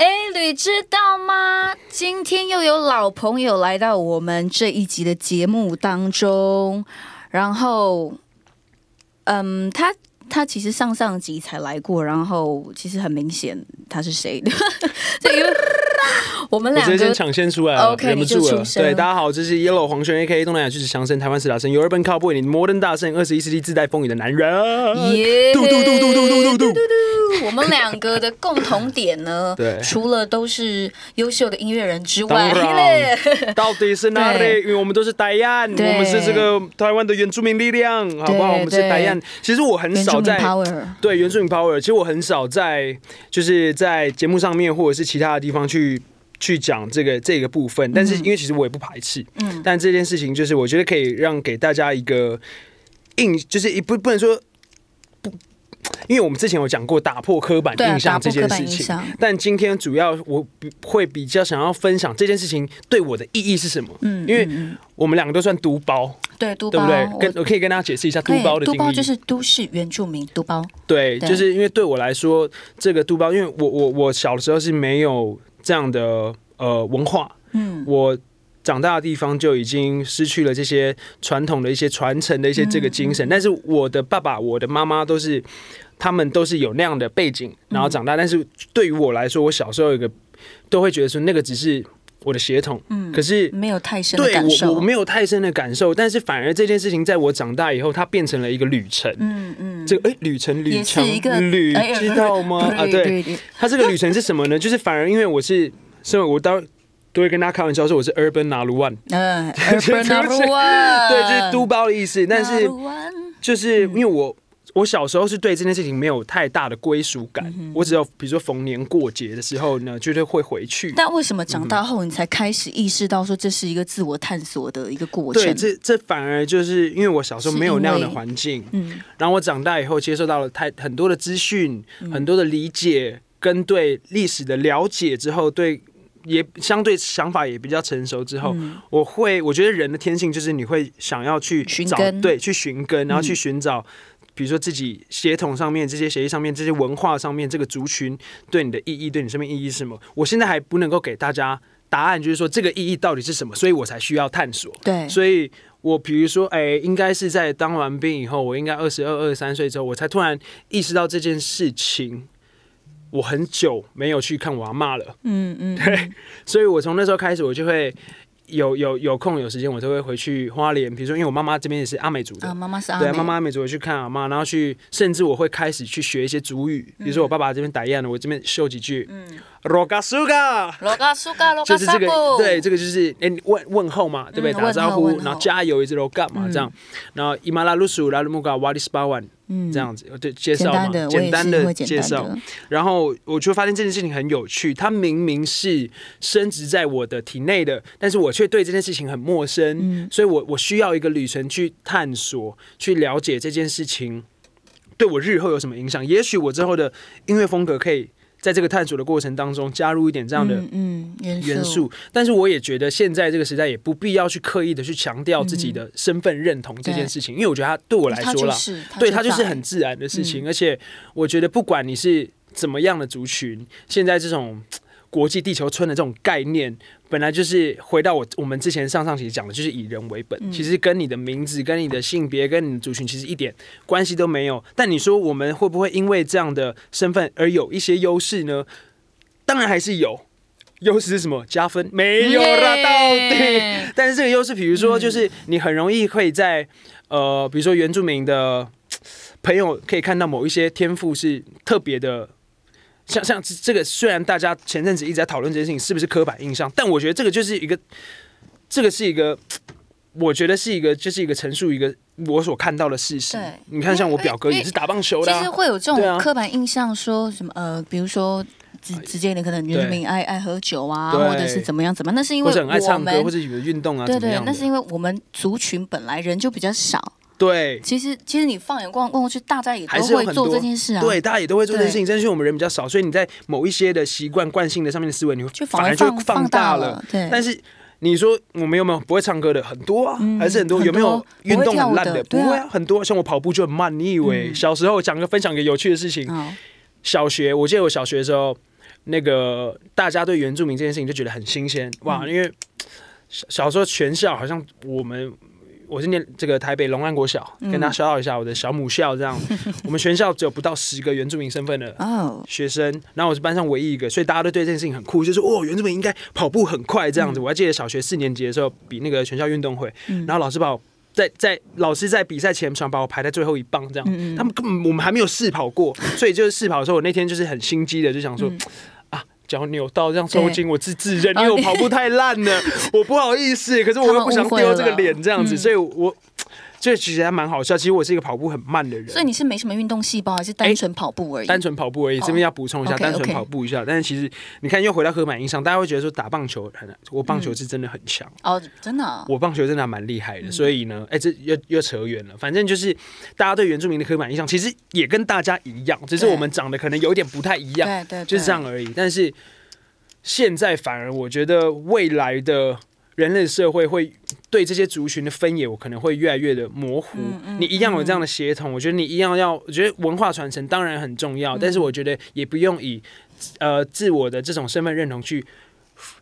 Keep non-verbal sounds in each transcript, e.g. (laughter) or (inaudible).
哎，你知道嗎？今天又有老朋友來到我們這一集的節目當中，然後，嗯，他他其實上上集才來過，然後其實很明顯他是誰的，我們兩個搶先出來，忍不住了。對，大家好，這是 Yellow 黃宣 AKA 東南亞巨石強森，台灣史達森 Urban Cowboy，你摩登大聖，二十一世紀自帶風雨的男人啊！嘟嘟嘟嘟嘟嘟嘟嘟我們兩個的共同點呢，除了都是優秀的音樂人之外，到底是哪裡？因為我們都是泰雅，我們是這個台灣的原住民力量，好不好？我們是泰雅。其實我很少在對原住民 Power，其實我很少在就是在節目上面或者是其他的地方去。去講這個這個部分，但是因為其實我也不排斥，嗯，但這件事情就是我覺得可以讓給大家一個印，就是一不不能說不，因為我們之前有講過打破刻板印象這件事情，但今天主要我會比較想要分享這件事情對我的意義是什麼，嗯，因為我們兩個都算獨包，對獨包，對不對？跟我可以跟大家解釋一下獨包的獨包就是都市原住民獨包，對，對就是因為對我來說這個獨包，因為我我我小的時候是沒有。這樣的呃文化，嗯，我長大的地方就已經失去了這些傳統的一些傳承的一些這個精神。嗯、但是我的爸爸、我的媽媽都是，他們都是有那樣的背景，然後長大。嗯、但是對於我來說，我小時候有個都會覺得說，那個只是。我的血統，可是沒有太深的感受。對我，我沒有太深的感受，但是反而這件事情在我長大以後，它變成了一個旅程，嗯嗯，這個誒，旅程旅程旅知道嗎？啊，對，它這個旅程是什麼呢？就是反而因為我是所以我，當都會跟大家開玩笑說我是 Urban NaLuWan 嗯，Urban NaLuWan，對，就是嘟包的意思，但是就是因為我。我小時候是對這件事情沒有太大的歸屬感，嗯、哼我只有比如說逢年過節的時候呢，就會回去。但為什麼長大後你才開始意識到說這是一個自我探索的一個過程？嗯、對，這這反而就是因為我小時候沒有那樣的環境，嗯，然後我長大以後接受到了太很多的資訊，嗯、很多的理解跟對歷史的了解之後，對也相對想法也比較成熟之後，嗯、我會我覺得人的天性就是你會想要去尋找根對，去尋根，然後去尋找。嗯比如說自己血統上面、這些協議上面、這些文化上面，這個族群對你的意義、對你身邊意義是什麼？我現在還不能夠給大家答案，就是說這個意義到底是什麼，所以我才需要探索。對，所以我比如說，哎、欸，應該是在當完兵以後，我應該二十二、二十三歲之後，我才突然意識到這件事情。我很久沒有去看我阿媽了。嗯，嗯嗯。對， (laughs) 所以我從那時候開始，我就會。有有有空有時間，我都會回去花蓮。比如說，因為我媽媽這邊也是阿美族的，啊、媽媽對，媽媽阿美族，回去看阿媽，然後去，甚至我會開始去學一些族語。嗯、比如說，我爸爸這邊打一樣的，嗯、我這邊秀幾句。嗯 roka suga，roka suga，roka suga，就是這個，對，這個就是哎、欸，問問候嘛，對不對？嗯、打招呼，候然後加油，一直 roka 嘛，嗯、這樣。然後 imala lusu lalumga wali sbawan。這樣子，對，介紹嘛，簡單的，簡單的介紹。然後我就發現這件事情很有趣，它明明是生殖在我的體內的，但是我卻對這件事情很陌生，嗯，所以我我需要一個旅程去探索，去了解這件事情對我日後有什麼影響。也許我之後的音樂風格可以。在這個探索的過程當中，加入一點這樣的元素，但是我也覺得現在這個時代也不必要去刻意的去強調自己的身份認同這件事情，因為我覺得它對我來說啦，對，它就是很自然的事情，而且我覺得不管你是怎麼樣的族群，現在這種國際地球村的這種概念，本來就是回到我我們之前上上期講的，就是以人為本。其實跟你的名字、跟你的性別、跟你的族群其實一點關係都沒有。但你說我們會不會因為這樣的身份而有一些優勢呢？當然還是有，優勢是什麼？加分沒有啦到底。Yeah 但是這個優勢，比如說就是你很容易會在、嗯、呃，比如說原住民的朋友可以看到某一些天賦是特別的。像像這個，雖然大家前陣子一直在討論這件事情是不是刻板印象，但我覺得這個就是一個，這個是一個，我覺得是一個，就是一個陳述一個我所看到的事實。對你看，像我表哥也是打棒球的，啊、的。其實會有這種刻板印象，說什麼呃，比如說直直接的，你可能原住民愛對愛喝酒啊，對或者是怎麼樣怎麼樣，那是因為我們愛唱歌、或者運動啊，對，對對，那是因為我們族群本來人就比較少。對，其實其實你放眼望望，過去，大家也都會做這件事啊。對，大家也都會做這件事，只是我們人比較少，所以你在某一些的習慣慣性的上面的思維，你會反而就放大了。對，但是你說我們有沒有不會唱歌的？很多啊，還是很多。有沒有運動很爛的？不會啊，很多。像我跑步就很慢。你以為小時候講個分享個有趣的事情？小學我記得我小學的時候，那個大家對原住民這件事情就覺得很新鮮哇，因為小小時候全校好像我們。我是念這個台北龍安國小，嗯、跟大家 shout out 一下我的小母校。這樣， (laughs) 我們全校只有不到十個原住民身份的學生，oh. 然後我是班上唯一一個，所以大家都對這件事情很酷，就是哦，原住民應該跑步很快這樣子。嗯、我還記得小學四年級的時候，比那個全校運動會，嗯、然後老師把我在在老師在比賽前想把我排在最後一棒這樣，嗯、他們根本我們還沒有試跑過，所以就是試跑的時候，我那天就是很心機的就想說。嗯腳扭到這樣抽筋我，我對自自認，因為我跑步太爛了， (laughs) 我不好意思，可是我又不想丟這個臉這樣子，嗯、所以，我。這其實還蠻好笑。其實我是一個跑步很慢的人，所以你是沒什麼運動細胞，還是單純跑步而已？欸、單純跑步而已。哦、這邊要補充一下，okay, okay. 單純跑步一下。但是其實你看，又回到刻板印象，嗯、大家會覺得說打棒球很難。我棒球是真的很強、嗯、哦，真的、哦。我棒球真的蠻厲害的，嗯、所以呢，哎、欸，這又又扯遠了。反正就是大家對原住民的刻板印象，其實也跟大家一樣，只是我們長得可能有點不太一樣，對對，對對，就是這樣而已。但是現在反而我覺得未來的。人類社會會對這些族群的分野，我可能會越來越的模糊。你一樣有這樣的協同，我覺得你一樣要。我覺得文化傳承當然很重要，但是我覺得也不用以呃自我的這種身份認同去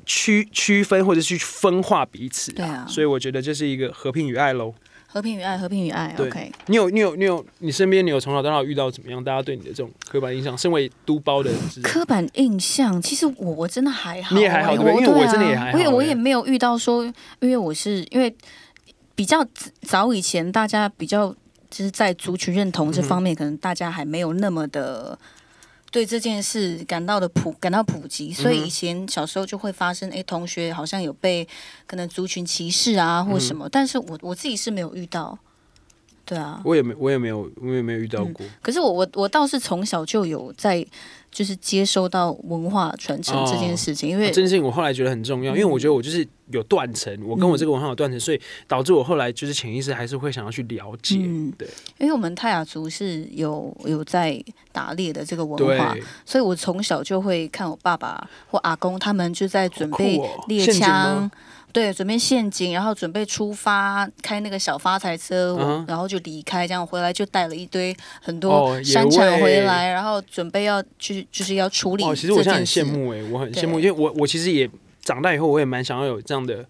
區區分或者去分化彼此、啊。所以我覺得這是一個和平與愛嘍。和平與愛，和平與愛。對 OK，你有你有你有你身邊，你有從小到大遇到怎麼樣，大家對你的這種刻板印象，身為都包的人，刻板印象其實我我真的還好、欸，你也還好對對我、啊，我真的也還好、欸我也，我也沒有遇到說，因為我是因為比較早以前，大家比較就是在族群認同這方面，嗯、可能大家還沒有那麼的。對這件事感到的普感到普及，嗯、哼所以以前小時候就會發生，哎，同學好像有被可能族群歧視啊，或什麼，嗯、但是我我自己是沒有遇到，對啊，我也沒我也沒有我也沒有遇到過。嗯、可是我我我倒是從小就有在。就是接收到文化傳承這件事情，哦、因為、啊、這件事情我後來覺得很重要，嗯、因為我覺得我就是有斷層，我跟我這個文化有斷層，所以導致我後來就是潛意識還是會想要去了解。嗯、對，因為我們泰雅族是有有在打獵的這個文化，對所以我從小就會看我爸爸或阿公他們就在準備獵槍。對，準備陷阱，然後準備出發，開那個小發財車，嗯、哼然後就離開。這樣回來就帶了一堆很多山產回來，哦、然後準備要去，就是要處理、哦。其實我現在很羨慕哎，我很羨慕，對因為我我其實也長大以後，我也蠻想要有這樣的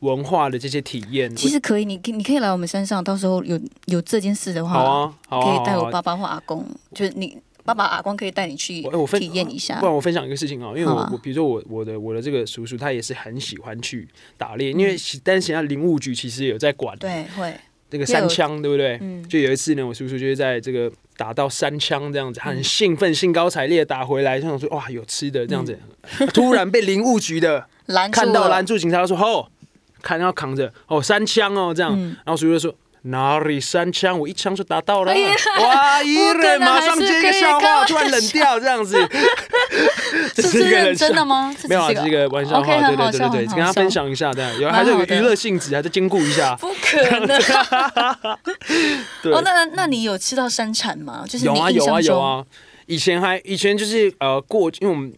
文化的這些體驗。其實可以，我你你可以來我們山上，到時候有有這件事的話，好啊好啊、可以帶我爸爸或阿公，啊啊啊、就是你爸爸阿光，可以帶你去體驗一下。不然我分享一個事情啊，因為我我比如說我我的我的這個叔叔，他也是很喜歡去打獵，因為但是現在林務局其實有在管，對，會那個山羌對不對？就有一次呢，我叔叔就是在這個打到山羌這樣子，他很興奮、興高采烈打回來，想說哇，有吃的這樣子，突然被林務局的攔看到攔住，警察說吼，看他扛着哦山羌哦這樣，然後叔叔就說。哪裡三槍？我一槍就打到了！哇，一人馬上接一個笑話，突然冷掉這樣子。這是真的嗎？沒有啊，是一個玩笑話，對對對對，跟他分享一下，對，有還是有娛樂性質啊，再兼顧一下。不可能！哦，那那你有吃到山羌嗎？就是你印象中。有啊有啊有啊！以前還以前就是呃過，因為我們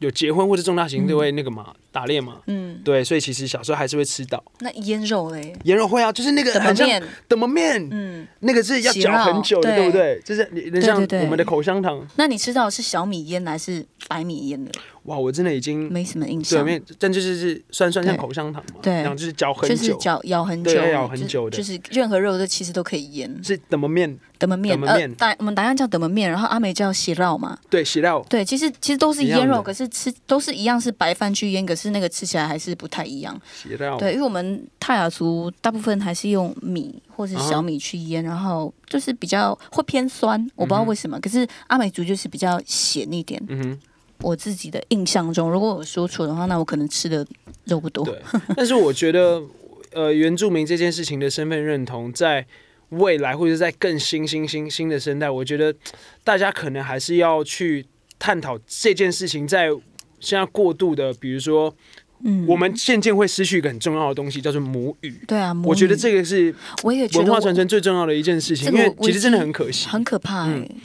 有結婚或者重大型就會那個嘛。打獵嘛，嗯，對，所以其實小時候還是會吃到。那醃肉嘞？醃肉會啊，就是那個很像怎麼面，嗯，那個是要嚼很久的，對不對？就是你，你像我們的口香糖。那你吃到是小米醃還是白米醃的？哇，我真的已經沒什麼印象面，但就是是算算像口香糖嘛，對，然後就是嚼很久，嚼咬很久，咬很久的。就是任何肉都其實都可以醃。是怎麼面，怎麼面，怎麼面，我們大家叫怎麼面，然後阿美叫喜繞嘛。對，喜繞。對，其實其實都是醃肉，可是吃都是一樣，是白飯去醃，可是。那個吃起來還是不太一樣，寫到 對，因為我們泰雅族大部分還是用米或是小米去醃，啊、然後就是比較會偏酸，我不知道為什麼。嗯、哼可是阿美族就是比較鹹一點。嗯哼我自己的印象中，如果我說錯的話，那我可能吃的肉不多。對， (laughs) 但是我覺得，呃，原住民這件事情的身份認同，在未來或者在更新新新新的時代，我覺得大家可能還是要去探討這件事情在。現在過度的，比如說，嗯，我們漸漸會失去一個很重要的東西，叫做母語。對啊，母語。我覺得這個是，我也文化傳承最重要的一件事情，因為其實真的很可惜，很可怕欸。嗯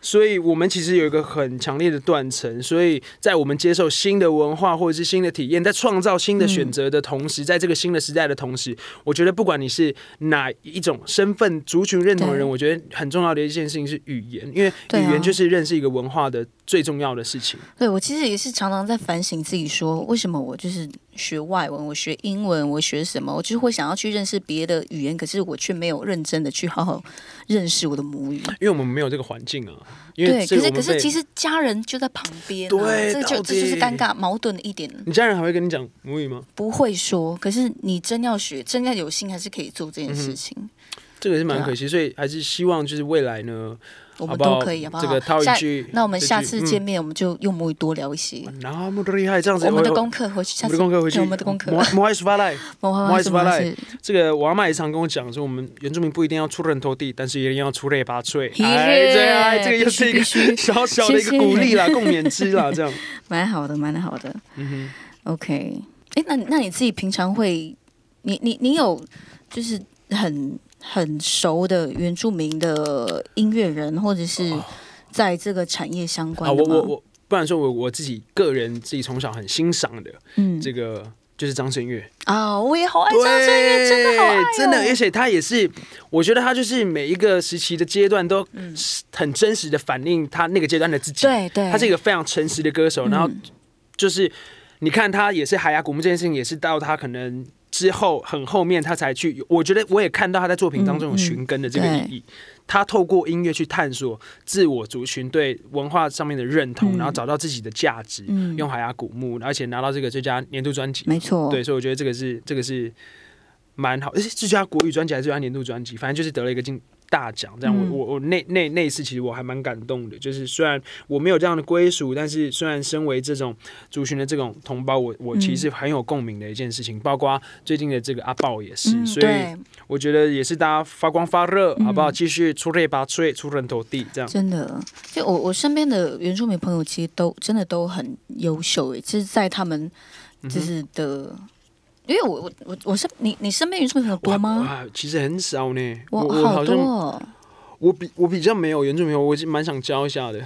所以，我們其實有一個很強烈的斷層。所以在我們接受新的文化或者是新的體驗，在創造新的選擇的同時，在這個新的時代的同時，嗯。我覺得不管你是哪一種身份、族群認同的人，對。我覺得很重要的一件事情是語言，因為語言就是認識一個文化的最重要的事情。對啊。對，我其實也是常常在反省自己說，說為什麼我就是。學外文，我學英文，我學什麼？我就是會想要去認識別的語言，可是我卻沒有認真的去好好認識我的母語，因為我們沒有這個環境啊。對，可是可是其實家人就在旁邊，啊，對，這就底這就是尷尬矛盾的一點。你家人還會跟你講母語嗎？不會說，可是你真要學，真的有心還是可以做這件事情。嗯、這個也是蠻可惜，啊、所以還是希望就是未來呢。我們都可以好不好？這個套一句。那我們下次見面，我們就用母語多聊一些。那麼厲害，這樣子，我們的功課回去，下次功課回去，我們的功課。My my spotlight，my spotlight。這個我阿媽也常跟我講，說我們原住民不一定要出人頭地，但是一定要出類拔萃。哎，對啊，這個又是一個小小的一個鼓勵啦，共勉之啦，這樣。蠻好的，蠻好的。嗯哼，OK。哎，那那你自己平常會，你你你有就是很很熟的原住民的音樂人，或者是在這個產業相關的、哦。我我我，不然說我，我我自己個人自己從小很欣賞的、這個，嗯，這個就是張震岳啊，我也好愛張震岳，對真的好、欸、真的。而且他也是，我覺得他就是每一個時期的階段都很真實的反映他那個階段的自己。對對、嗯，他是一個非常誠實的歌手。然後就是你看他也是《海牙古墓》這件事情，也是到他可能。之後很後面，他才去。我覺得我也看到他在作品當中有尋根的這個意義。嗯嗯，他透過音樂去探索自我族群對文化上面的認同，嗯、然後找到自己的價值。嗯、用海牙古墓，而且拿到這個最佳年度專輯，沒錯。對，所以我覺得這個是這個是蠻好、欸。最佳國語專輯還是最佳年度專輯？反正就是得了一個金。大獎這樣，嗯、我我我那、那一次其實我還蠻感動的，就是雖然我沒有這樣的歸屬，但是雖然身為這種族群的這種同胞，我我其實很有共鳴的一件事情，嗯、包括最近的這個阿爆也是，嗯、所以我覺得也是大家發光發熱，嗯、好不好？繼續出類拔萃、出人頭地，這樣真的，就我我身邊的原住民朋友其實都真的都很優秀誒、欸，其、就、實、是、在他們就是的、嗯。因為我我我我是你你身邊原住民很多嗎？其實很少呢。我好多。我比我比較沒有原住民，我其實蠻想交一下的。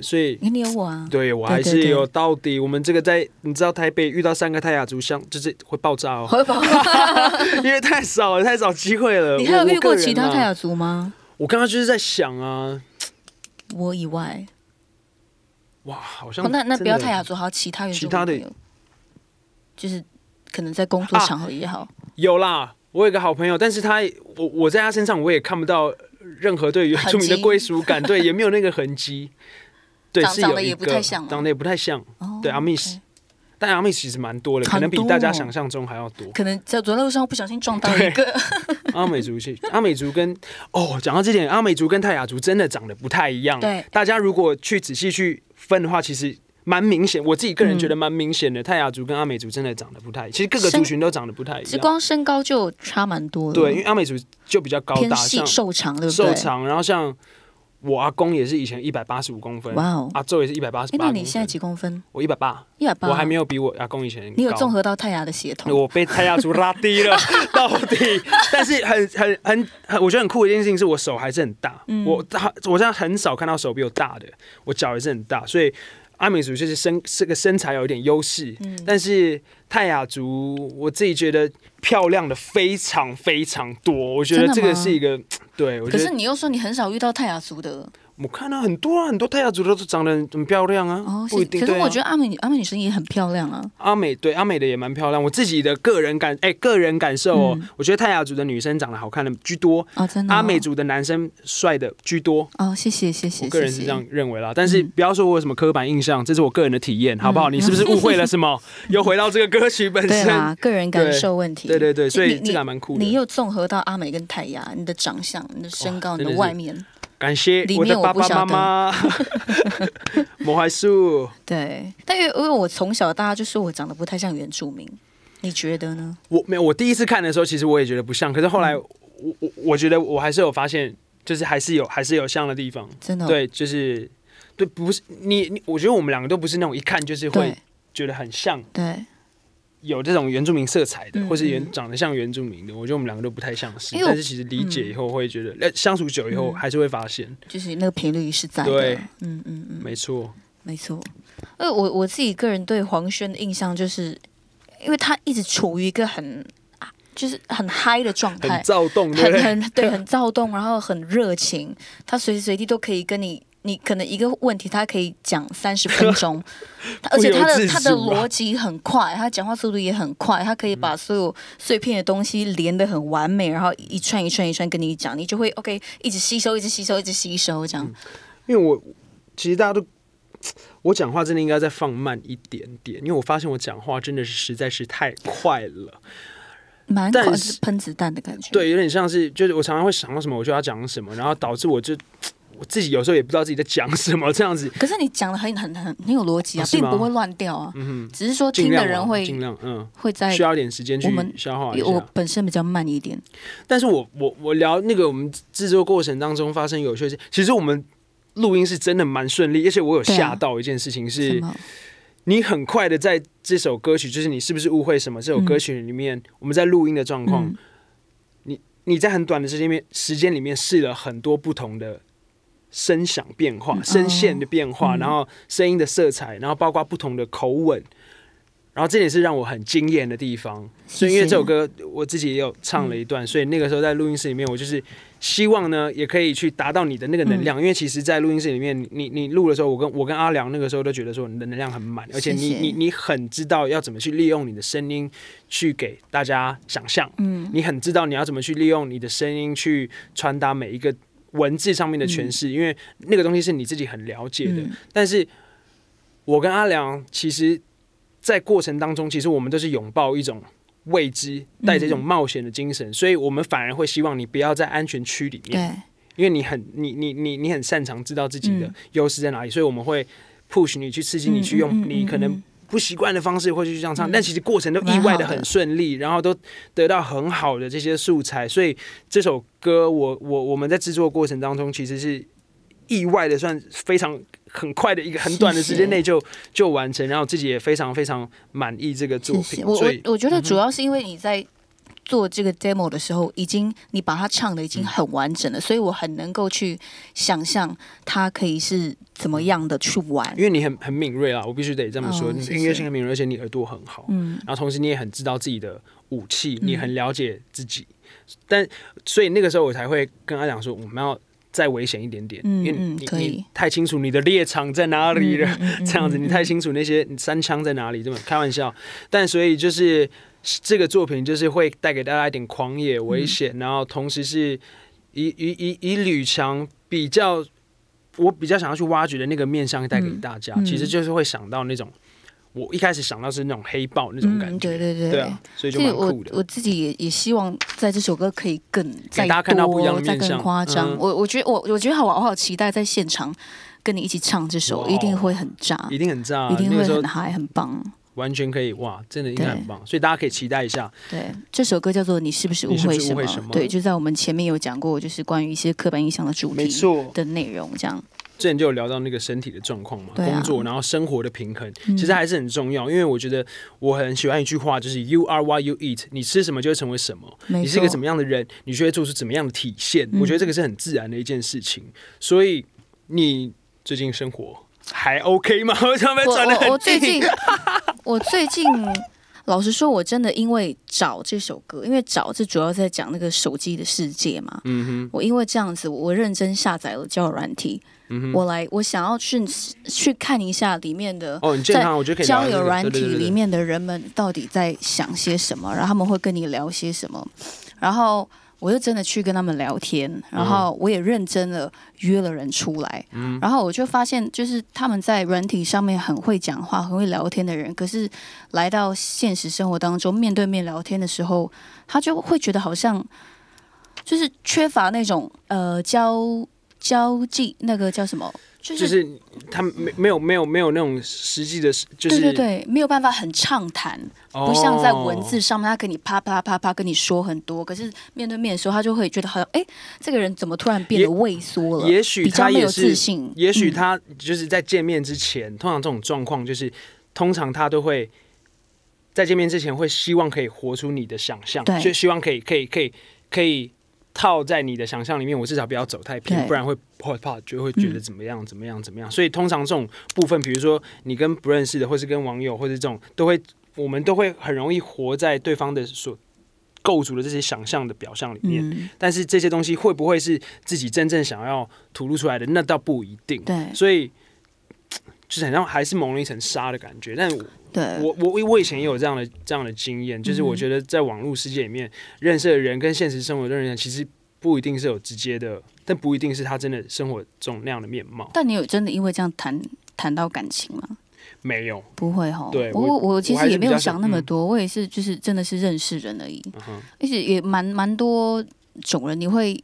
所以你有我啊？對，我還是有。到底我們這個在你知道台北遇到三個泰雅族，像就是會爆炸哦。會爆炸。因為太少了，太少機會了。你還有遇過其他泰雅族嗎？我剛剛就是在想啊，我以外，哇，好像那那不要泰雅族，好其他原住民。就是。可能在工作場合也好，有啦。我有個好朋友，但是他我我在他身上我也看不到任何對於著名的歸屬感，對，也沒有那個痕跡。對，是長得也不太像，長得也不太像。對阿密斯，但阿密斯其實蠻多的，可能比大家想象中還要多。可能在走在路上不小心撞到一個阿美族，阿美族跟哦，講到這點，阿美族跟泰雅族真的長得不太一樣。對，大家如果去仔細去分的話，其實。蠻明顯，我自己個人覺得蠻明顯的。嗯、泰雅族跟阿美族真的長得不太，其實各個族群都長得不太一樣，身光身高就差蠻多。對，因為阿美族就比較高大，偏細、瘦長對不對？瘦長，然後像我阿公也是以前一百八十五公分，哇哦！阿祖也是一百八十八。那你現在幾公分？我一百八，一百八，我還沒有比我阿公以前。你有綜合到泰雅的血統？我被泰雅族拉低了 (laughs) 到底，但是很很很，很，我覺得很酷的一件事情是，我手還是很大。嗯、我他我現在很少看到手比我大的，我腳也是很大，所以。阿美族就是身這個身材有一點優勢，嗯，但是泰雅族我自己覺得漂亮的非常非常多，我覺得這個是一個，對，可是你又說你很少遇到泰雅族的。我看到很多啊，很多泰雅族都是長得很漂亮啊。哦，不一定。可是我覺得阿美阿美女生也很漂亮啊。阿美對阿美的也蠻漂亮。我自己的個人感哎個人感受哦，我覺得泰雅族的女生長得好看的居多。哦，真的。阿美族的男生帥的居多。哦，謝謝謝謝。我個人是這樣認為啦，但是不要說我有什麼刻板印象，這是我個人的體驗，好不好？你是不是誤會了什麼？又回到這個歌曲本身，個人感受問題。對對對，所以這個還蠻酷的。你你又綜合到阿美跟泰雅，你的長相、你的身高、你的外面。感謝，我的爸爸媽媽，摩槐樹。對，但因為因為我從小到大家就說我長得不太像原住民，你覺得呢？我沒有，我第一次看的時候，其實我也覺得不像。可是後來我，我我、嗯、我覺得我還是有發現，就是還是有還是有像的地方。真的、哦，對，就是對，不是你你，我覺得我們兩個都不是那種一看就是會覺得很像。對。對有這種原住民色彩的，或是原長得像原住民的，我覺得我們兩個都不太像是，哎、呦但是其實理解以後會覺得，那、嗯、相處久以後還是會發現，就是那個頻率是在的。嗯嗯對嗯，嗯嗯沒錯錯，沒錯。我我自己個人對黃宣的印象就是，因為他一直處於一個很，就是很嗨的狀態，很躁動對對，很很對，很躁動，然後很熱情，他隨時隨地都可以跟你。你可能一個問題，他可以講三十分鐘，而且他的 (laughs) 他的邏輯很快，他講話速度也很快，他可以把所有碎片的東西連得很完美，嗯、然後一串一串一串跟你講，你就會 OK，一直吸收，一直吸收，一直吸收這樣。因為我其實大家都，我講話真的應該再放慢一點點，因為我發現我講話真的是實在是太快了，蠻快，是噴子彈的感覺，對，有點像是就是我常常會想到什麼我就要講什麼，然後導致我就。我自己有時候也不知道自己在講什麼，這樣子。可是你講的很很很很有邏輯啊，並、哦、不會亂掉啊。嗯、哼只是說，聽的人會盡量，嗯，會在需要點時間去消化一下。我本身比較慢一點。但是我我我聊那個我們制作過程當中發生有趣的事，其實我們錄音是真的蠻順利，而且我有嚇到一件事情是，啊、你很快的在這首歌曲，就是你是不是誤會什麼？這首歌曲裡面、嗯、我們在錄音的狀況，嗯、你你在很短的時間裡面時間裡面試了很多不同的。聲響變化、聲線的變化，oh, 然後聲音的色彩，嗯、然後包括不同的口吻，然後這也是讓我很驚艷的地方。是行所以因為這首歌我自己也有唱了一段，嗯、所以那個時候在錄音室裡面，我就是希望呢，也可以去達到你的那個能量。嗯、因為其實，在錄音室裡面你，你你錄的時候，我跟我跟阿良那個時候都覺得說你的能量很滿，而且你行你你很知道要怎麼去利用你的聲音去給大家想象。嗯，你很知道你要怎麼去利用你的聲音去傳達每一個。文字上面的詮釋，嗯、因為那個東西是你自己很了解的。嗯、但是，我跟阿良其實，在過程當中，其實我們都是擁抱一種未知，帶着、嗯、一種冒險的精神，所以我們反而會希望你不要在安全區裡面，嗯、因為你很你你你你很擅長知道自己的優勢在哪裡，嗯、所以我們會 push 你去刺激你、嗯、去用你可能。不習慣的方式，或者去這樣唱，嗯、但其實過程都意外的很順利，然後都得到很好的這些素材，所以這首歌我，我我我們在製作過程當中，其實是意外的算非常很快的一個很短的時間內就是是就完成，然後自己也非常非常滿意這個作品。所以我，我覺得主要是因為你在、嗯。做這個 demo 的時候，已經你把它唱的已經很完整了，嗯、所以我很能夠去想象它可以是怎麼樣的去玩。因為你很很敏銳啊，我必須得這麼說，哦、謝謝，你音樂性很敏銳，而且你耳朵很好，嗯，然後同時你也很知道自己的武器，你很了解自己，嗯、但所以那個時候我才會跟他講說我們要。再危險一點點，嗯、因為你，可以你，你太清楚你的獵場在哪裡了。嗯嗯、這樣子，你太清楚那些山羌在哪裡，對嗎？開玩笑。但所以就是這個作品，就是會帶給大家一點狂野危險，嗯、然後同時是以以以以呂薔比較，我比較想要去挖掘的那個面向帶給大家，嗯、其實就是會想到那種。我一開始想到是那種黑豹那種感覺，嗯、對對對，對啊、所以就蠻酷的我。我自己也也希望在這首歌可以更在大家看到不一樣的面向，更誇張。嗯、我我覺得我我覺得好，我好好期待在現場跟你一起唱這首，哇一定會很炸，一定很炸，一定會很嗨，很棒。完全可以，哇，真的應該很棒，對所以大家可以期待一下。對，這首歌叫做《你是不是誤會什麼》是是什麼，對，就在我們前面有講過，就是關於一些刻板印象的主題的內容，錯這樣。之前就有聊到那個身體的狀況嘛，啊、工作，然後生活的平衡，嗯、其實還是很重要。因為我覺得我很喜歡一句話，就是 “You are what you eat”，你吃什麼就會成為什麼，沒錯、你是一個怎麼樣的人，你就會做出怎麼樣的體現。嗯、我覺得這個是很自然的一件事情。所以你最近生活還 OK 嗎？我最近，我最近。老實說，我真的因為找這首歌，因為找是主要在講那個手機的世界嘛。嗯、哼我因為這樣子，我認真下載了交友軟體。嗯、哼我來，我想要去去看一下裡面的交友軟體裡面的人們到底在想些什麼？然後他們會跟你聊些什麼？然後。我就真的去跟他們聊天，然後我也認真的約了人出來，嗯、然後我就發現，就是他們在軟體上面很會講話、很會聊天的人，可是來到現實生活當中面對面聊天的時候，他就會覺得好像就是缺乏那種呃交交際那個叫什麼？就是、就是他沒有沒有沒有沒有那種實際的，就是對對對，沒有辦法很暢談，oh. 不像在文字上面，他跟你啪啪啪啪跟你說很多。可是面對面的時候，他就會覺得好像哎、欸，這個人怎麼突然變得畏縮了？也許他也是，比較沒有自信，也許他就是在見面之前，通常這種狀況就是，通常他都會在見面之前會希望可以活出你的想象，對就希望可以可以可以可以，可以可以套在你的想象裡面，我至少不要走太偏，對不然會怕怕，就會覺得怎麼樣、嗯、怎麼樣怎麼樣。所以通常這種部分，比如說你跟不認識的，或是跟網友，或是這種，都會我們都會很容易活在對方的所構築的這些想象的表象裡面。嗯、但是這些東西會不會是自己真正想要吐露出來的，那倒不一定。對，所以就是好像還是蒙了一層紗的感覺，但我。對，我我我以前也有這樣的這樣的經驗，就是我覺得在網絡世界裡面、嗯、認識的人跟現實生活中的人，其實不一定是有直接的，但不一定是他真的生活中那樣的面貌。但你有真的因為這樣談談到感情嗎？沒有，不會哈。對，我我，我其實也沒有想那麼多，我也是就是真的是認識人而已，嗯、而且也蠻蠻多種人，你會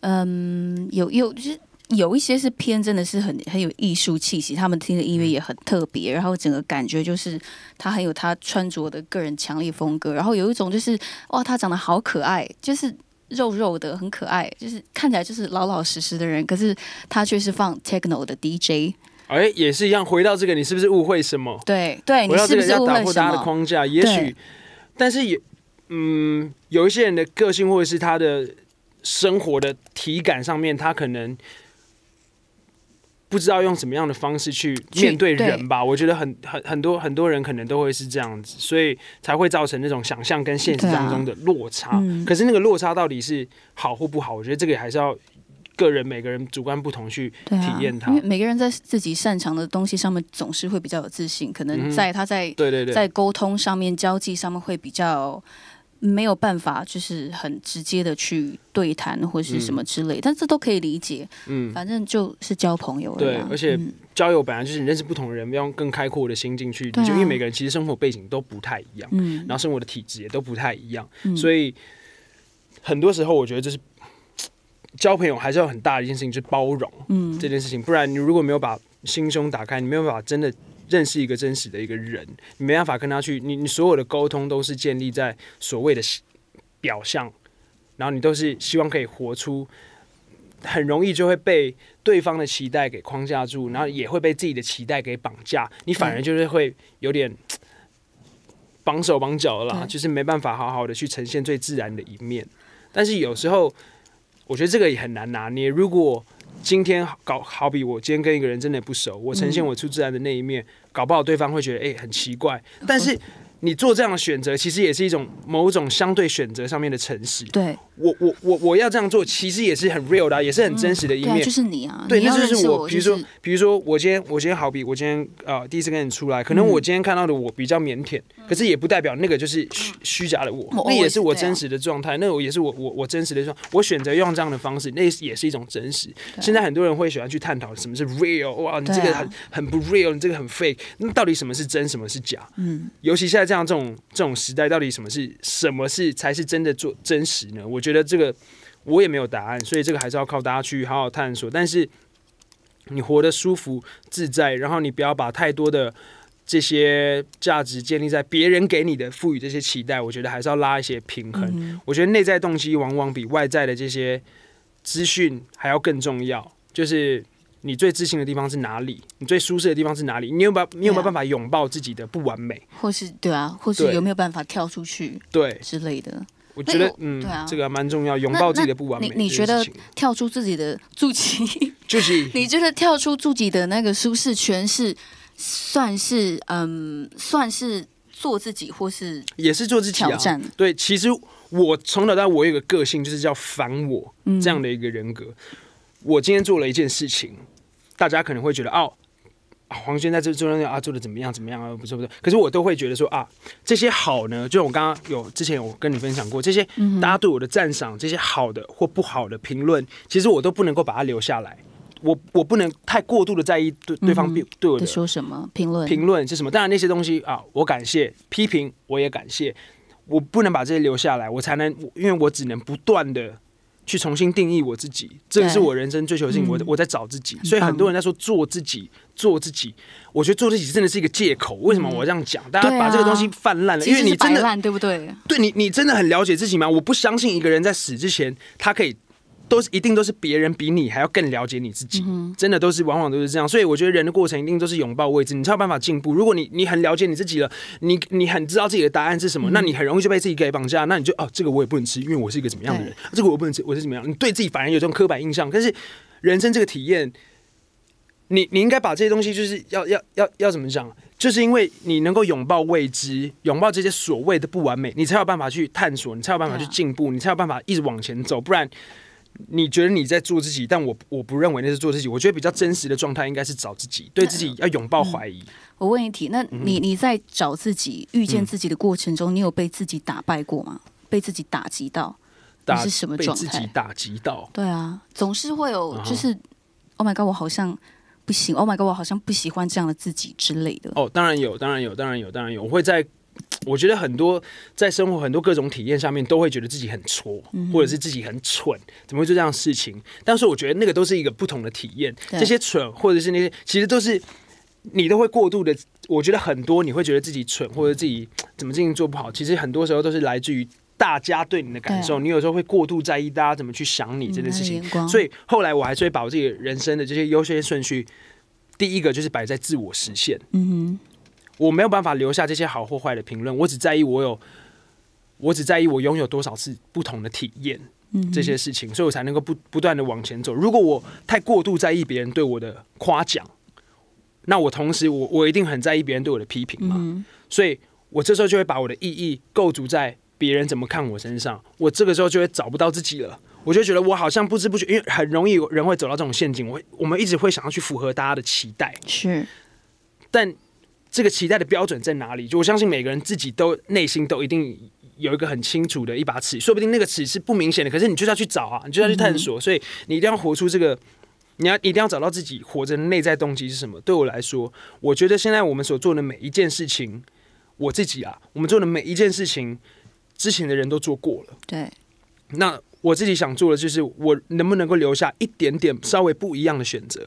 嗯有有就是。有一些是偏，真的是很很有藝術氣息，他們聽的音樂也很特別，嗯、然後整個感覺就是他很有他穿着的個人強烈風格，然後有一種就是哇，他長得好可愛，就是肉肉的，很可愛，就是看起來就是老老實實的人，可是他卻是放 techno 的 DJ。哎，也是一樣，回到這個，你是不是誤會什麼？對對，回到這個、你是不是誤會要打破了他的框架？也許，對但是有嗯，有一些人的個性或者是他的生活的體感上面，他可能，不知道用什麼樣的方式去面對人吧，對我覺得很很很多很多人可能都會是這樣子，所以才會造成那種想象跟現實當中的落差。對啊嗯、可是那個落差到底是好或不好，我覺得這個還是要個人每個人主觀不同去體驗它，對啊。因為每個人在自己擅長的東西上面總是會比較有自信，可能在，嗯、他在對對對在溝通上面，交際上面會比較。沒有辦法，就是很直接的去對談或者是什麼之類，嗯、但這都可以理解。嗯、反正就是交朋友而已。對，而且交友本來就是你認識不同的人，要用、嗯、更開闊的心境去，啊、就因為每個人其實生活背景都不太一樣，嗯、然後生活的體質也都不太一樣，嗯、所以很多時候我覺得就是交朋友還是要很大的一件事情，就是包容這件事情，嗯、不然你如果沒有把心胸打開，你沒有辦法真的。認識一個真實的一個人，你沒辦法跟他去，你你所有的溝通都是建立在所謂的表象，然後你都是希望可以活出，很容易就會被對方的期待給框架住，然後也會被自己的期待給綁架，你反而就是會有點綁、嗯、手綁腳了啦，嗯、就是沒辦法好好的去呈現最自然的一面。但是有時候，我覺得這個也很難拿捏。如果今天搞好比我今天跟一個人真的不熟，我呈現我出自然的那一面。嗯搞不好對方會覺得，哎、欸，很奇怪，但是。你做這樣的選擇，其實也是一種某種相對選擇上面的誠實。對我，我，我，我要這樣做，其實也是很 real 的，也是很真實的一面。就是你啊，對，那就是我。比如說，比如說，我今天，我今天，好比我今天啊，第一次跟你出來，可能我今天看到的我比較靦腆，可是也不代表那個就是虛虛假的我，那也是我真實的狀態。那我也是我，我，我真實的狀，我選擇用這樣的方式，那也是一種真實。現在很多人會喜歡去探討什麼是 real，哇，你這個很很不 real，你這個很 fake，那到底什麼是真，什麼是假？嗯，尤其現在。像這，這種這種時代，到底什麼是什麼是才是真的做真實呢？我覺得這個我也沒有答案，所以這個還是要靠大家去好好探索。但是你活得舒服自在，然後你不要把太多的這些價值建立在別人給你的賦予這些期待，我覺得還是要拉一些平衡。嗯嗯。我覺得內在動機往往比外在的這些資訊還要更重要，就是。你最自信的地方是哪裡？你最舒適的地方是哪裡？你有沒你有沒有辦法擁抱自己的不完美？或是對啊，或是有沒有辦法跳出去？對之類的。我覺得，嗯，對啊，嗯、這個蠻重要，擁抱自己的不完美你。你覺得你覺得跳出自己的築基，就是你覺得跳出自己的那個舒適圈是算是嗯算是做自己，或是也是做自己挑、啊、戰？對，其實我從小到大，我有一個個性就是叫反我這樣的一個人格。嗯、我今天做了一件事情。大家可能會覺得哦，啊、黃宣在這中間啊做的怎麼樣怎麼樣啊，不是不是。可是我都會覺得說啊，這些好呢，就我剛剛有之前有跟你分享過，這些大家對我的讚賞，這些好的或不好的評論，嗯、哼其實我都不能夠把它留下來。我我不能太過度的在意對對方、嗯、哼對我的說什麼評論評論是什麼。當然那些東西啊，我感謝批評我也感謝，我不能把這些留下來，我才能因為我只能不斷的。去重新定義我自己，這個是我人生追求性。我對我在找自己，嗯、所以很多人在說做自己，做自己。我覺得做自己真的是一個借口。嗯、為什麼我這樣講？大家把這個東西泛濫了，啊、因為你真的對不對？對你，你真的很了解自己嗎？我不相信一個人在死之前，他可以。都是一定都是別人比你還要更了解你自己，嗯、哼真的都是往往都是這樣，所以我覺得人的過程一定都是擁抱未知，你才有辦法進步。如果你你很了解你自己了，你你很知道自己的答案是什麼，嗯、那你很容易就被自己給綁架。那你就哦，這個我也不能吃，因為我是一個怎麼樣的人對、哦，這個我不能吃，我是怎麼樣？你對自己反而有這種刻板印象，但是人生這個體驗，你你應該把這些東西就是要要要要怎麼講？就是因為你能夠擁抱未知，擁抱這些所謂的不完美，你才有辦法去探索，你才有辦法去進步，嗯、你才有辦法一直往前走，不然。你覺得你在做自己，但我我不認為那是做自己。我覺得比較真實的狀態應該是找自己，對自己要擁抱懷疑。嗯，我問一題，那你你在找自己、遇見自己的過程中，嗯，你有被自己打敗過嗎？被自己打擊到，打你是什麼狀態？被自己打擊到，對啊，總是會有，就是 Oh my God，我好像不行。Uh huh. Oh my God，我好像不喜歡這樣的自己之類的。哦，當然有，當然有，當然有，當然有，我會在。我覺得很多在生活很多各種體驗上面，都會覺得自己很挫，或者是自己很蠢，怎麼會做這樣的事情？但是我覺得那個都是一個不同的體驗。這些蠢，或者是那些，其實都是你都會過度的。我覺得很多你會覺得自己蠢，或者自己怎麼進行做不好，其實很多時候都是來自於大家對你的感受。你有時候會過度在意大家怎麼去想你這件事情。所以後來我還是會把我自己人生的這些優先順序，第一個就是擺在自我實現。嗯哼我沒有辦法留下這些好或壞的評論，我只在意我有，我只在意我擁有多少次不同的體驗，嗯、哼這些事情，所以我才能夠不不斷的往前走。如果我太過度在意別人對我的誇獎，那我同時我我一定很在意別人對我的批評嘛，嗯、哼所以我這時候就會把我的意義構築在別人怎麼看我身上，我這個時候就會找不到自己了，我就覺得我好像不知不覺，因為很容易人會走到這種陷阱，我我們一直會想要去符合大家的期待，是，但。這個期待的標準在哪裡？就我相信每個人自己都內心都一定有一個很清楚的一把尺，說不定那個尺是不明顯的，可是你就要去找啊，你就要去探索，嗯、哼所以你一定要活出這個，你要一定要找到自己活着的內在動機是什麼。對我來說，我覺得現在我們所做的每一件事情，我自己啊，我們做的每一件事情，之前的人都做過了。對，那我自己想做的就是，我能不能夠留下一點點稍微不一樣的選擇？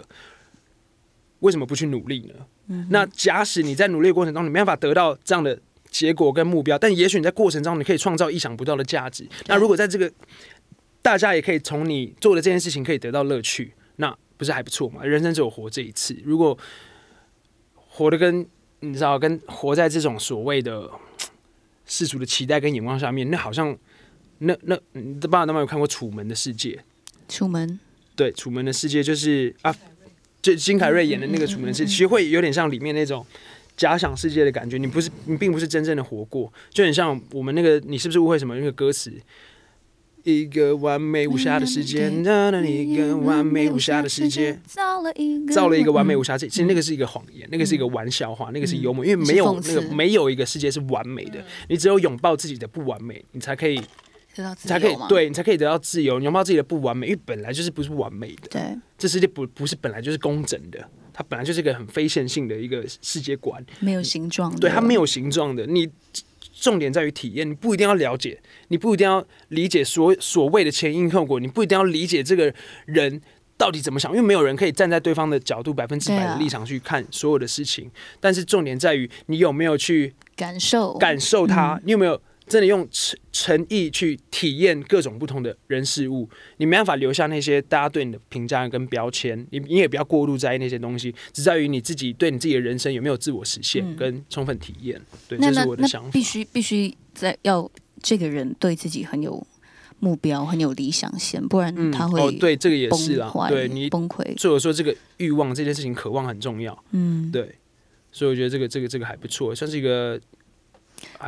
為什麼不去努力呢？嗯、哼那假使你在努力的過程中，你沒辦法得到這樣的結果跟目標，但也許你在過程中，你可以創造意想不到的價值。對那如果在這個，大家也可以從你做的這件事情可以得到樂趣，那不是還不錯嗎？人生只有活這一次，如果活的跟你知道，跟活在這種所謂的世俗的期待跟眼光下面，那好像那那，爸爸媽媽有看過楚楚門《楚門的世界》？楚門，對，《楚門的世界》就是啊。就金凱瑞演的那個楚門秀，其實會有點像裡面那種假想世界的感覺。你不是，你並不是真正的活過，就很像我們那個，你是不是誤會什麼？那個歌詞，一個完美無瑕的世界，那那一個完美無瑕的世界，造了一個完美無瑕世界。其實那個是一個謊言，嗯、那個是一個玩笑話，嗯、那個是幽默，嗯、因為沒有那個沒有一個世界是完美的，你只有擁抱自己的不完美，你才可以。自才可以對，你才可以得到自由，你沒有自己的不完美，因為本來就是不是不完美的。對，這世界不不是本來就是工整的，它本來就是一個很非線性的一個世界觀，沒有形狀的。對，它沒有形狀的。你重點在於體驗，你不一定要了解，你不一定要理解所所謂的前因後果，你不一定要理解這個人到底怎麼想，因為沒有人可以站在對方的角度百分之百的立場去看所有的事情。啊、但是重點在於你有沒有去感受感受他，嗯、你有沒有？真的用誠誠意去體驗各種不同的人事物，你沒辦法留下那些大家對你的評價跟標籤，你你也不要過度在意那些東西，只在於你自己對你自己的人生有沒有自我實現跟充分體驗。嗯、對，那這是我的想法。必須必須在要這個人對自己很有目標、很有理想性，不然他會、嗯哦、對這個也是啊，壞對你崩潰壞。所以我說這個欲望這件事情渴望很重要。嗯，對，所以我覺得這個這個這個還不錯，算是一個。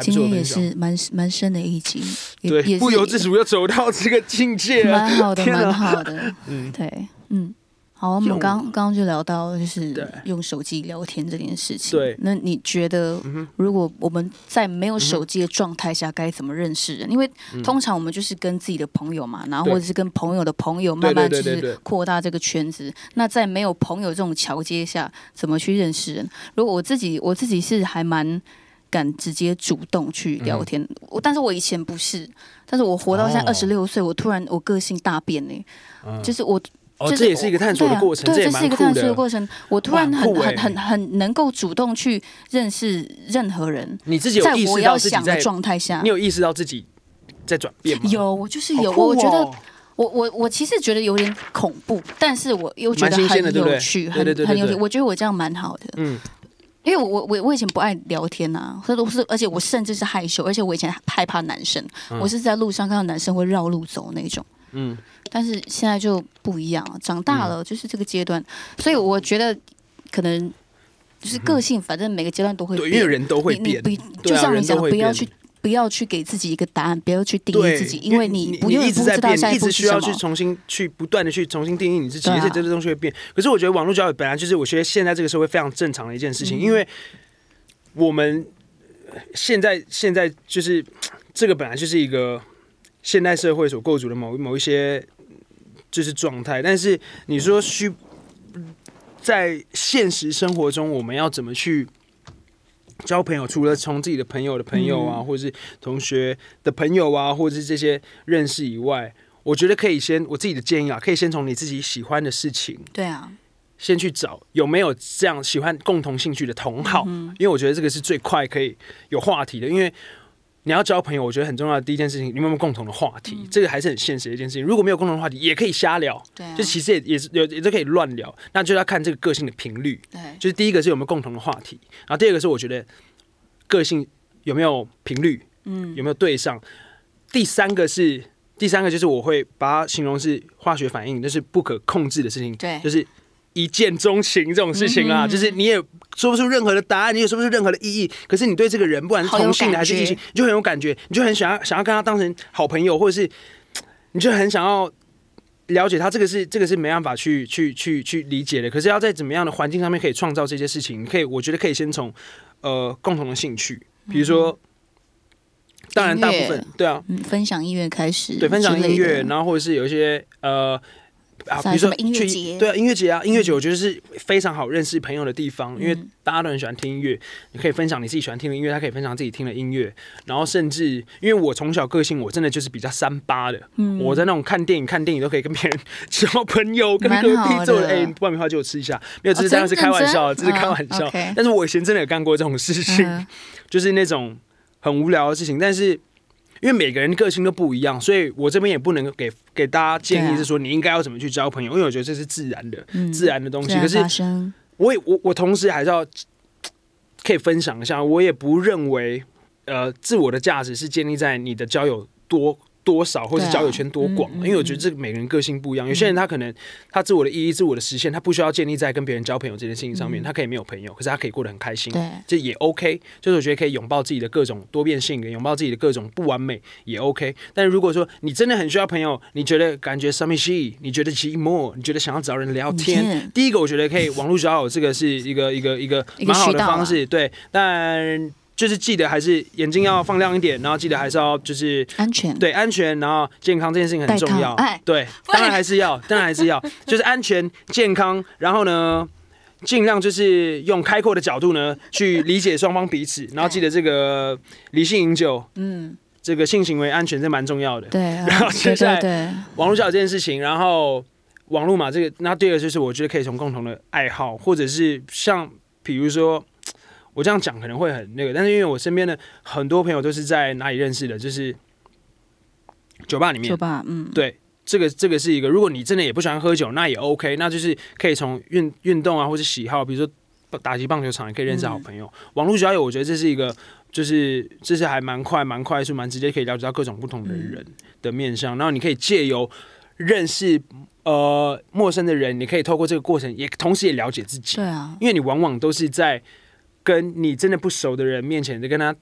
今天也是蠻蠻深的一集，也，對也不由自主要走到這個境界，蠻好的，蠻天、啊、好的，嗯，對，嗯，好，我們剛剛、嗯、就聊到就是用手機聊天這件事情，對，那你覺得如果我們在沒有手機的狀態下該怎麼認識人？因為通常我們就是跟自己的朋友嘛，然後或者是跟朋友的朋友，慢慢就是擴大這個圈子。那在沒有朋友這種橋接下，怎麼去認識人？如果我自己，我自己是還蠻。敢直接主動去聊天，我但是我以前不是，但是我活到現在二十六歲，我突然我個性大變呢，就是我，這也是一個探索的過程，對，這是一個探索的過程，我突然很很很很能夠主動去認識任何人，你自己有意識到想的狀態下，你有意識到自己在轉變？有，我就是有，我覺得我我我其實覺得有點恐怖，但是我又覺得很有趣，很很有趣，我覺得我這樣蠻好的，嗯。因為我我我以前不愛聊天吶、啊，或者是而且我甚至是害羞，而且我以前害怕男生，嗯、我是在路上看到男生會繞路走那種。嗯、但是現在就不一樣了，長大了就是這個階段，嗯、所以我覺得可能就是個性，反正每個階段都會變，嗯、對人都會變，就像你講的，不要去。不要去給自己一個答案，不要去定義自己，對因為你你，你一直在變，不知道下一。你一直需要去重新去不斷的去重新定義你自己，啊、而且這個東西會變。可是我覺得網絡交友本來就是，我覺得現在這個社會非常正常的一件事情，嗯、因為我們現在現在就是這個本來就是一個現代社會所構築的某某一些就是狀態，但是你說需、嗯、在現實生活中我們要怎麼去？交朋友，除了從自己的朋友的朋友啊，或是同學的朋友啊，或是這些認識以外，我覺得可以先我自己的建議啊，可以先從你自己喜歡的事情，對啊，先去找有沒有這樣喜歡共同興趣的同好，因為我覺得這個是最快可以有話題的，因為。你要交朋友，我覺得很重要的第一件事情，你有沒有共同的話題？嗯、這個還是很現實的一件事情。如果沒有共同的話題，也可以瞎聊，對啊、就其實也也是有也都可以亂聊。那就要看這個個性的頻率。對，就是第一個是有沒有共同的話題，然後第二個是我覺得個性有沒有頻率，嗯，有沒有對上。第三個是第三個就是我會把它形容是化學反應，就是不可控制的事情。對，就是。一見鍾情這種事情啊，嗯哼嗯哼，就是你也說不出任何的答案，你也說不出任何的意義。可是你對這個人，不管是同性還是異性，你就很有感覺，你就很想要想要跟他當成好朋友，或者是你就很想要了解他。這個是這個是沒辦法去去去去理解的。可是要在怎麼樣的環境上面可以創造這些事情？你可以，我覺得可以先從呃共同的興趣，比如說，嗯、哼當然大部分樂對啊、嗯，分享音樂開始，對分享音樂，然後或者是有一些呃。啊，比如說音樂節。對啊，音樂節啊，音樂節我覺得是非常好認識朋友的地方，嗯、因為大家都很喜歡聽音樂，你可以分享你自己喜歡聽的音樂，他可以分享自己聽的音樂，然後甚至因為我從小個性我真的就是比較三八的，嗯、我在那種看電影看電影都可以跟別人交朋友，跟隔壁坐的哎爆米花，借我吃一下，沒有，這是真的是開玩笑，啊、這，是這是開玩笑，嗯 okay、但是我以前真的有幹過這種事情，嗯、哼就是那種很無聊的事情，但是。因為每個人個性都不一樣，所以我這邊也不能給給大家建議，是說你應該要怎麼去交朋友。啊、因為我覺得這是自然的、嗯、自然的東西。可是我，我也我我同時還是要可以分享一下，我也不認為，呃，自我的價值是建立在你的交友多。多少，或是交友圈多廣，啊嗯、因為我覺得這個每個人個性不一樣，嗯、有些人他可能他自我的意義、嗯、自我的實現，他不需要建立在跟別人交朋友這件事情上面，嗯、他可以沒有朋友，可是他可以過得很開心，這對也 OK。就是我覺得可以擁抱自己的各種多變性，擁抱自己的各種不完美也 OK。但如果說你真的很需要朋友，你覺得感覺 something she，你覺得寂寞，你覺得想要找人聊天，嗯、第一個我覺得可以網絡交友，這個是一個一個一個蠻好的方式，對，但。就是記得還是眼睛要放亮一點，然後記得還是要就是安全對，安全，然後健康這件事情很重要。對，當然還是要，當然還是要，就是安全健康，然後呢，盡量就是用開闊的角度呢去理解雙方彼此，然後記得這個理性飲酒，嗯，這個性行為安全是蠻重要的。對，然後現在網絡交友這件事情，然後網絡嘛這個，那第二個就是我覺得可以從共同的愛好，或者是像比如說。我這樣講可能會很那個，但是因為我身邊的很多朋友都是在哪裡認識的，就是酒吧裡面。酒吧，嗯，對，這個這個是一個。如果你真的也不喜歡喝酒，那也 OK，那就是可以從運運動啊，或者喜好，比如說打擊棒球場，也可以認識好朋友。嗯、網絡交友，我覺得這是一個，就是這是還蠻快、蠻快速、蠻直接可以了解到各種不同的人的面向。嗯、然後你可以借由認識呃陌生的人，你可以透過這個過程也，也同時也了解自己。對啊，因為你往往都是在。跟你真的不熟的人面前，你就跟他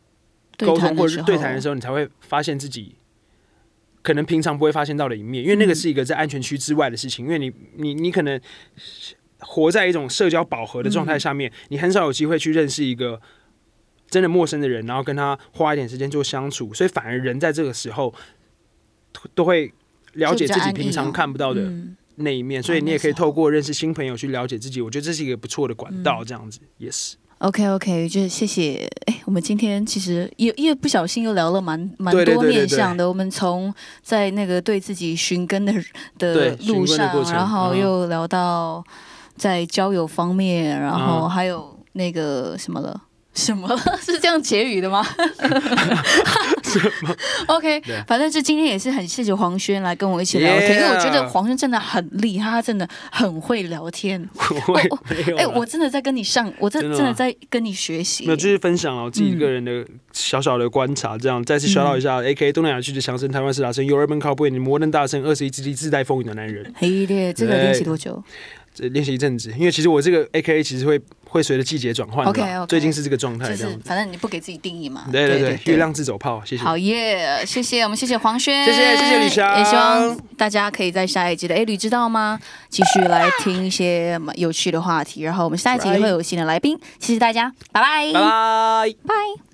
溝通或者是對談的時候，你才會發現自己可能平常不會發現到的一面，因為那個是一個在安全區之外的事情。嗯、因為你，你，你可能活在一種社交飽和的狀態下面，嗯、你很少有機會去認識一個真的陌生的人，然後跟他花一點時間做相處。所以反而人在這個時候都，都會了解自己平常看不到的那一面。嗯、所以你也可以透過認識新朋友去了解自己，嗯、我覺得這是一個不錯的管道。嗯、這樣子也是。Yes OK，OK，okay, okay, 就是謝謝。哎、欸，我們今天其實也因為不小心又聊了蠻蠻多面向的。我們從在那個對自己尋根的的路上，然後又聊到在交友方面，嗯、然後還有那個什麼了。什麼是這樣結語的嗎？OK，反正就今天也是很謝謝黃宣來跟我一起聊天，Yeah. 因為我覺得黃宣真的很厲害，他真的很會聊天。會，哎、哦欸，我真的在跟你上，我在真的在跟你學習。那就是分享啊，我自己個人的小小的觀察，嗯、這樣再次刷到一下，嗯、AK 東南亞區的強聲，台灣四大聲，Urban NaLuWan，你摩登大聲，二十一世紀自帶風雨的男人。嘿，這個練習多久？練習一陣子，因為其實我這個 A K A 其實會會隨着季節轉換 O K 最近是這個狀態。就是反正你不給自己定義嘛。對對對，對對對，月亮自走炮，謝謝。好耶、oh, yeah,，謝謝我們，謝謝黃宣，謝謝謝謝呂薔，也希望大家可以在下一集的 A 呂、欸、知道嗎？繼續來聽一些有趣的話題，然後我們下一集會有新的來賓，Try. 謝謝大家，拜拜拜拜。Bye bye.